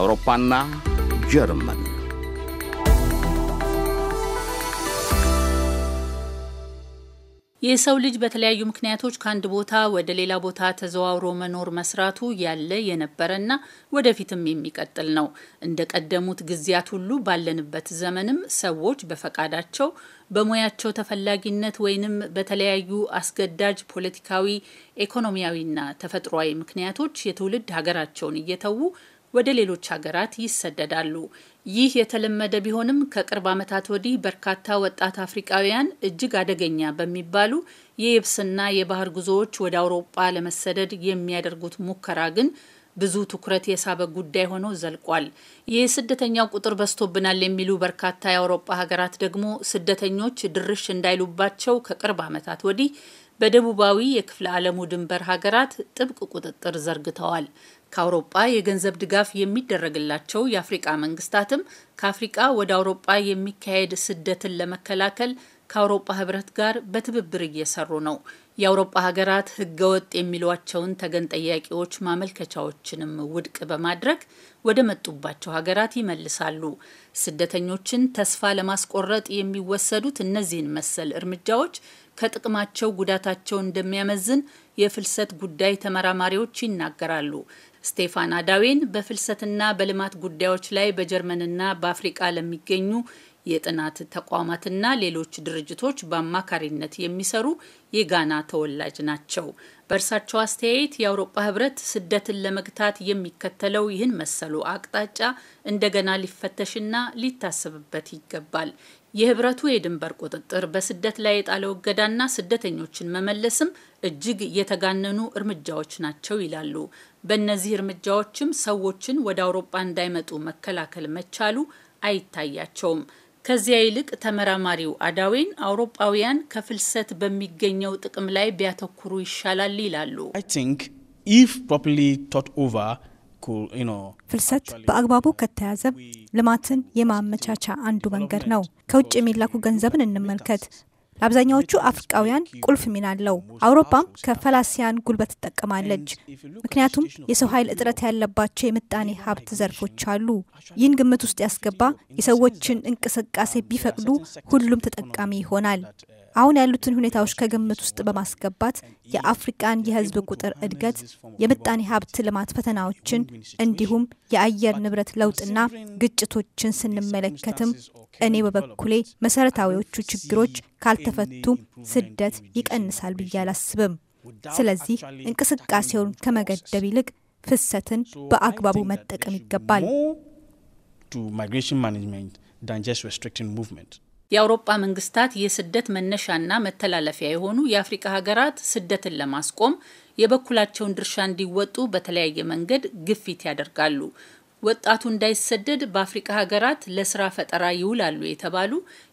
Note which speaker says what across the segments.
Speaker 1: አውሮፓና ጀርመን
Speaker 2: የሰው ልጅ በተለያዩ ምክንያቶች ከአንድ ቦታ ወደ ሌላ ቦታ ተዘዋውሮ መኖር መስራቱ ያለ የነበረና ወደፊትም የሚቀጥል ነው። እንደ ቀደሙት ጊዜያት ሁሉ ባለንበት ዘመንም ሰዎች በፈቃዳቸው በሙያቸው ተፈላጊነት ወይንም በተለያዩ አስገዳጅ ፖለቲካዊ፣ ኢኮኖሚያዊና ተፈጥሯዊ ምክንያቶች የትውልድ ሀገራቸውን እየተዉ ወደ ሌሎች ሀገራት ይሰደዳሉ። ይህ የተለመደ ቢሆንም ከቅርብ ዓመታት ወዲህ በርካታ ወጣት አፍሪቃውያን እጅግ አደገኛ በሚባሉ የየብስና የባህር ጉዞዎች ወደ አውሮጳ ለመሰደድ የሚያደርጉት ሙከራ ግን ብዙ ትኩረት የሳበ ጉዳይ ሆኖ ዘልቋል። ይህ ስደተኛው ቁጥር በዝቶብናል የሚሉ በርካታ የአውሮፓ ሀገራት ደግሞ ስደተኞች ድርሽ እንዳይሉባቸው ከቅርብ ዓመታት ወዲህ በደቡባዊ የክፍለ ዓለሙ ድንበር ሀገራት ጥብቅ ቁጥጥር ዘርግተዋል። ከአውሮጳ የገንዘብ ድጋፍ የሚደረግላቸው የአፍሪቃ መንግስታትም ከአፍሪቃ ወደ አውሮጳ የሚካሄድ ስደትን ለመከላከል ከአውሮጳ ህብረት ጋር በትብብር እየሰሩ ነው። የአውሮፓ ሀገራት ህገወጥ የሚሏቸውን ተገን ጠያቂዎች ማመልከቻዎችንም ውድቅ በማድረግ ወደ መጡባቸው ሀገራት ይመልሳሉ። ስደተኞችን ተስፋ ለማስቆረጥ የሚወሰዱት እነዚህን መሰል እርምጃዎች ከጥቅማቸው ጉዳታቸው እንደሚያመዝን የፍልሰት ጉዳይ ተመራማሪዎች ይናገራሉ። ስቴፋን አዳዌን በፍልሰትና በልማት ጉዳዮች ላይ በጀርመንና በአፍሪቃ ለሚገኙ የጥናት ተቋማትና ሌሎች ድርጅቶች በአማካሪነት የሚሰሩ የጋና ተወላጅ ናቸው። በእርሳቸው አስተያየት የአውሮፓ ህብረት ስደትን ለመግታት የሚከተለው ይህን መሰሉ አቅጣጫ እንደገና ሊፈተሽና ሊታሰብበት ይገባል። የህብረቱ የድንበር ቁጥጥር፣ በስደት ላይ የጣለው እገዳና ስደተኞችን መመለስም እጅግ የተጋነኑ እርምጃዎች ናቸው ይላሉ። በእነዚህ እርምጃዎችም ሰዎችን ወደ አውሮፓ እንዳይመጡ መከላከል መቻሉ አይታያቸውም። ከዚያ ይልቅ ተመራማሪው አዳዌን አውሮፓውያን ከፍልሰት በሚገኘው ጥቅም ላይ ቢያተኩሩ ይሻላል ይላሉ።
Speaker 1: ፍልሰት
Speaker 3: በአግባቡ ከተያዘ ልማትን የማመቻቻ አንዱ መንገድ ነው። ከውጭ የሚላኩ ገንዘብን እንመልከት። ለአብዛኛዎቹ አፍሪቃውያን ቁልፍ ሚና አለው። አውሮፓም ከፈላሲያን ጉልበት ትጠቀማለች፣ ምክንያቱም የሰው ኃይል እጥረት ያለባቸው የምጣኔ ሀብት ዘርፎች አሉ። ይህን ግምት ውስጥ ያስገባ የሰዎችን እንቅስቃሴ ቢፈቅዱ ሁሉም ተጠቃሚ ይሆናል። አሁን ያሉትን ሁኔታዎች ከግምት ውስጥ በማስገባት የአፍሪቃን የህዝብ ቁጥር እድገት፣ የምጣኔ ሀብት ልማት ፈተናዎችን እንዲሁም የአየር ንብረት ለውጥና ግጭቶችን ስንመለከትም እኔ በበኩሌ መሰረታዊዎቹ ችግሮች ካልተፈቱ ስደት ይቀንሳል ብዬ አላስብም። ስለዚህ እንቅስቃሴውን ከመገደብ ይልቅ
Speaker 2: ፍሰትን በአግባቡ መጠቀም ይገባል። የአውሮጳ መንግስታት የስደት መነሻና መተላለፊያ የሆኑ የአፍሪቃ ሀገራት ስደትን ለማስቆም የበኩላቸውን ድርሻ እንዲወጡ በተለያየ መንገድ ግፊት ያደርጋሉ። ወጣቱ እንዳይሰደድ በአፍሪቃ ሀገራት ለስራ ፈጠራ ይውላሉ የተባሉ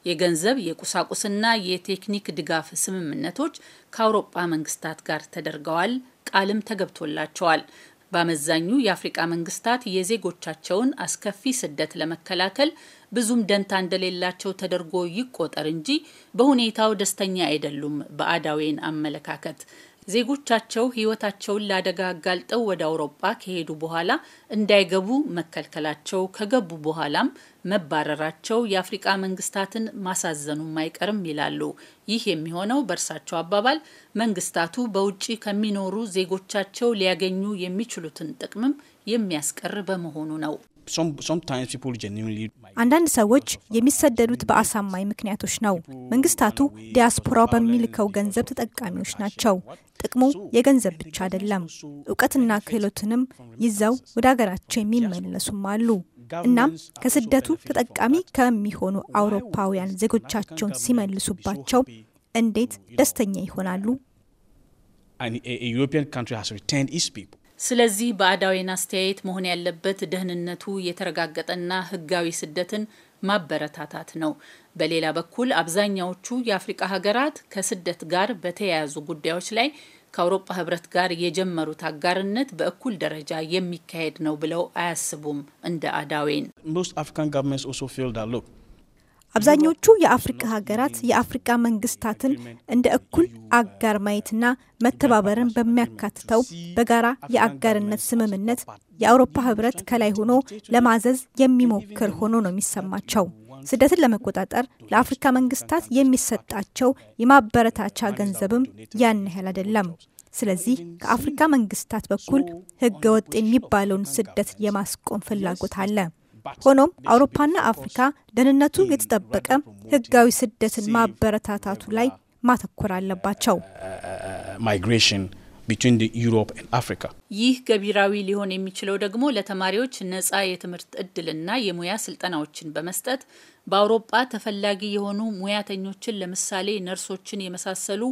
Speaker 2: የገንዘብ የቁሳቁስና የቴክኒክ ድጋፍ ስምምነቶች ከአውሮጳ መንግስታት ጋር ተደርገዋል፣ ቃልም ተገብቶላቸዋል። በአመዛኙ የአፍሪቃ መንግስታት የዜጎቻቸውን አስከፊ ስደት ለመከላከል ብዙም ደንታ እንደሌላቸው ተደርጎ ይቆጠር እንጂ በሁኔታው ደስተኛ አይደሉም። በአዳዌን አመለካከት ዜጎቻቸው ሕይወታቸውን ለአደጋ አጋልጠው ወደ አውሮጳ ከሄዱ በኋላ እንዳይገቡ መከልከላቸው፣ ከገቡ በኋላም መባረራቸው የአፍሪቃ መንግስታትን ማሳዘኑም አይቀርም ይላሉ። ይህ የሚሆነው በእርሳቸው አባባል መንግስታቱ በውጭ ከሚኖሩ ዜጎቻቸው ሊያገኙ የሚችሉትን ጥቅምም የሚያስቀር በመሆኑ ነው።
Speaker 1: አንዳንድ ሰዎች
Speaker 3: የሚሰደዱት በአሳማኝ ምክንያቶች ነው። መንግስታቱ ዲያስፖራው በሚልከው ገንዘብ ተጠቃሚዎች ናቸው። ጥቅሙ የገንዘብ ብቻ አይደለም። እውቀትና ክህሎትንም ይዘው ወደ ሀገራቸው የሚመለሱም አሉ። እናም ከስደቱ ተጠቃሚ ከሚሆኑ አውሮፓውያን ዜጎቻቸውን ሲመልሱባቸው እንዴት ደስተኛ
Speaker 2: ይሆናሉ? ስለዚህ በአዳዊን አስተያየት መሆን ያለበት ደህንነቱ የተረጋገጠና ህጋዊ ስደትን ማበረታታት ነው። በሌላ በኩል አብዛኛዎቹ የአፍሪቃ ሀገራት ከስደት ጋር በተያያዙ ጉዳዮች ላይ ከአውሮፓ ህብረት ጋር የጀመሩት አጋርነት በእኩል ደረጃ የሚካሄድ ነው ብለው አያስቡም። እንደ አዳዌን
Speaker 3: አብዛኞቹ የአፍሪካ ሀገራት የአፍሪካ መንግስታትን እንደ እኩል አጋር ማየትና መተባበርን በሚያካትተው በጋራ የአጋርነት ስምምነት የአውሮፓ ህብረት ከላይ ሆኖ ለማዘዝ የሚሞክር ሆኖ ነው የሚሰማቸው። ስደትን ለመቆጣጠር ለአፍሪካ መንግስታት የሚሰጣቸው የማበረታቻ ገንዘብም ያን ያህል አይደለም። ስለዚህ ከአፍሪካ መንግስታት በኩል ህገወጥ የሚባለውን ስደት የማስቆም ፍላጎት አለ። ሆኖም አውሮፓና አፍሪካ ደህንነቱ የተጠበቀ ህጋዊ ስደትን ማበረታታቱ ላይ ማተኮር አለባቸው።
Speaker 2: ይህ ገቢራዊ ሊሆን የሚችለው ደግሞ ለተማሪዎች ነጻ የትምህርት እድልና የሙያ ስልጠናዎችን በመስጠት በአውሮጳ ተፈላጊ የሆኑ ሙያተኞችን ለምሳሌ ነርሶችን የመሳሰሉ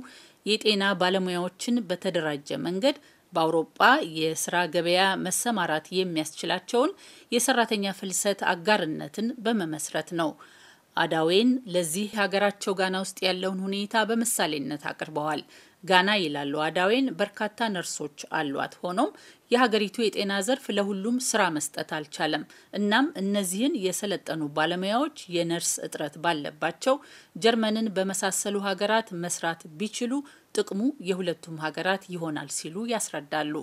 Speaker 2: የጤና ባለሙያዎችን በተደራጀ መንገድ በአውሮጳ የስራ ገበያ መሰማራት የሚያስችላቸውን የሰራተኛ ፍልሰት አጋርነትን በመመስረት ነው። አዳዌን ለዚህ ሀገራቸው ጋና ውስጥ ያለውን ሁኔታ በምሳሌነት አቅርበዋል። ጋና ይላሉ አዳዌን በርካታ ነርሶች አሏት። ሆኖም የሀገሪቱ የጤና ዘርፍ ለሁሉም ስራ መስጠት አልቻለም። እናም እነዚህን የሰለጠኑ ባለሙያዎች የነርስ እጥረት ባለባቸው ጀርመንን በመሳሰሉ ሀገራት መስራት ቢችሉ ጥቅሙ የሁለቱም ሀገራት ይሆናል ሲሉ ያስረዳሉ።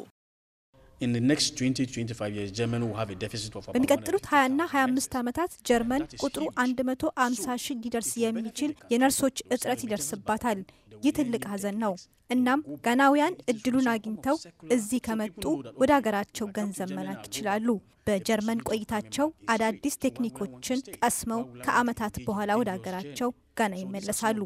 Speaker 2: በሚቀጥሉት 20ና 25
Speaker 3: ዓመታት ጀርመን ቁጥሩ 150 ሺህ ሊደርስ የሚችል የነርሶች እጥረት ይደርስባታል። ይህ ትልቅ ሀዘን ነው። እናም ጋናውያን እድሉን አግኝተው እዚህ ከመጡ ወደ ሀገራቸው ገንዘብ መላክ ይችላሉ። በጀርመን ቆይታቸው አዳዲስ ቴክኒኮችን ቀስመው ከዓመታት በኋላ ወደ አገራቸው ጋና ይመለሳሉ።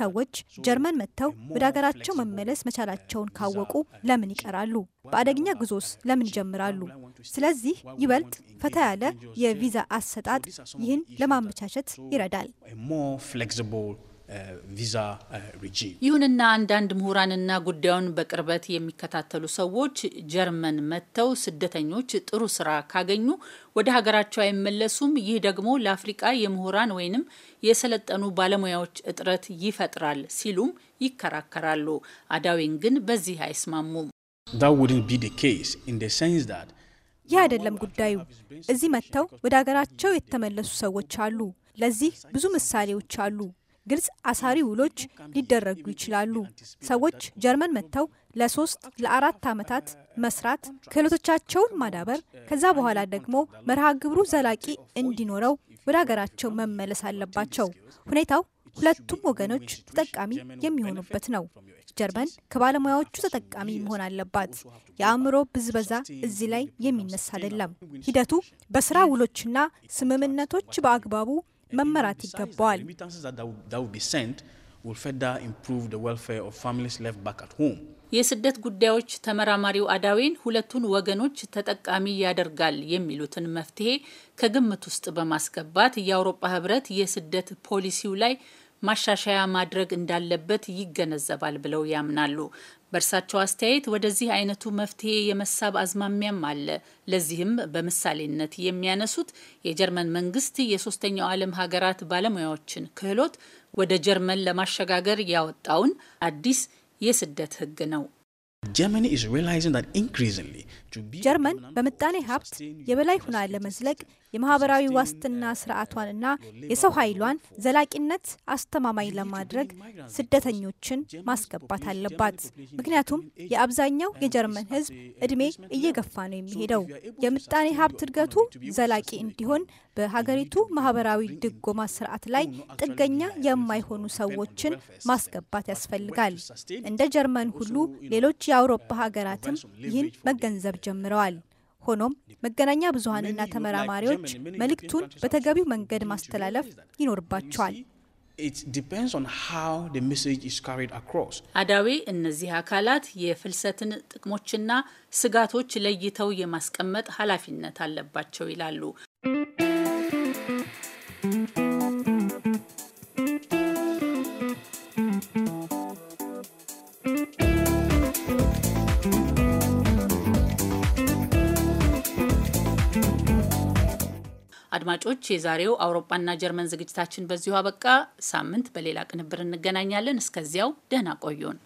Speaker 3: ሰዎች ጀርመን መጥተው ወደ ሀገራቸው መመለስ መቻላቸውን ካወቁ ለምን ይቀራሉ? በአደገኛ ጉዞስ ለምን ይጀምራሉ? ስለዚህ ይበልጥ ፈታ ያለ የቪዛ አሰጣጥ ይህን ለማመቻቸት
Speaker 2: ይረዳል።
Speaker 1: ቪዛ uh, ሪጂም። uh,
Speaker 2: ይሁንና አንዳንድ ምሁራንና ጉዳዩን በቅርበት የሚከታተሉ ሰዎች ጀርመን መጥተው ስደተኞች ጥሩ ስራ ካገኙ ወደ ሀገራቸው አይመለሱም፣ ይህ ደግሞ ለአፍሪቃ የምሁራን ወይንም የሰለጠኑ ባለሙያዎች እጥረት ይፈጥራል ሲሉም ይከራከራሉ። አዳዊን ግን በዚህ አይስማሙም።
Speaker 3: ይህ አይደለም ጉዳዩ። እዚህ መጥተው ወደ ሀገራቸው የተመለሱ ሰዎች አሉ። ለዚህ ብዙ ምሳሌዎች አሉ። ግልጽ አሳሪ ውሎች ሊደረጉ ይችላሉ። ሰዎች ጀርመን መጥተው ለሶስት ለአራት ዓመታት መስራት፣ ክህሎቶቻቸውን ማዳበር፣ ከዛ በኋላ ደግሞ መርሃ ግብሩ ዘላቂ እንዲኖረው ወደ ሀገራቸው መመለስ አለባቸው። ሁኔታው ሁለቱም ወገኖች ተጠቃሚ የሚሆኑበት ነው። ጀርመን ከባለሙያዎቹ ተጠቃሚ መሆን አለባት። የአእምሮ ብዝበዛ እዚህ ላይ የሚነሳ አይደለም። ሂደቱ በስራ ውሎችና ስምምነቶች በአግባቡ
Speaker 2: መመራት ይገባዋል። የስደት ጉዳዮች ተመራማሪው አዳዊን ሁለቱን ወገኖች ተጠቃሚ ያደርጋል የሚሉትን መፍትሄ ከግምት ውስጥ በማስገባት የአውሮፓ ሕብረት የስደት ፖሊሲው ላይ ማሻሻያ ማድረግ እንዳለበት ይገነዘባል ብለው ያምናሉ። በእርሳቸው አስተያየት ወደዚህ አይነቱ መፍትሄ የመሳብ አዝማሚያም አለ። ለዚህም በምሳሌነት የሚያነሱት የጀርመን መንግስት የሶስተኛው ዓለም ሀገራት ባለሙያዎችን ክህሎት ወደ ጀርመን ለማሸጋገር ያወጣውን አዲስ የስደት ህግ ነው። ጀርመን
Speaker 3: በምጣኔ ሀብት የበላይ ሁና ለመዝለቅ የማህበራዊ ዋስትና ስርዓቷንና የሰው ኃይሏን ዘላቂነት አስተማማኝ ለማድረግ ስደተኞችን ማስገባት አለባት። ምክንያቱም የአብዛኛው የጀርመን ሕዝብ እድሜ እየገፋ ነው የሚሄደው። የምጣኔ ሀብት እድገቱ ዘላቂ እንዲሆን በሀገሪቱ ማህበራዊ ድጎማ ስርዓት ላይ ጥገኛ የማይሆኑ ሰዎችን ማስገባት ያስፈልጋል። እንደ ጀርመን ሁሉ ሌሎች የአውሮፓ ሀገራትም ይህን መገንዘብ ጀምረዋል። ሆኖም መገናኛ ብዙሀንና ተመራማሪዎች መልእክቱን በተገቢው መንገድ ማስተላለፍ
Speaker 2: ይኖርባቸዋል። አዳዊ እነዚህ አካላት የፍልሰትን ጥቅሞችና ስጋቶች ለይተው የማስቀመጥ ኃላፊነት አለባቸው ይላሉ። አድማጮች፣ የዛሬው አውሮፓና ጀርመን ዝግጅታችን በዚሁ አበቃ። ሳምንት በሌላ ቅንብር እንገናኛለን። እስከዚያው ደህና ቆዩን።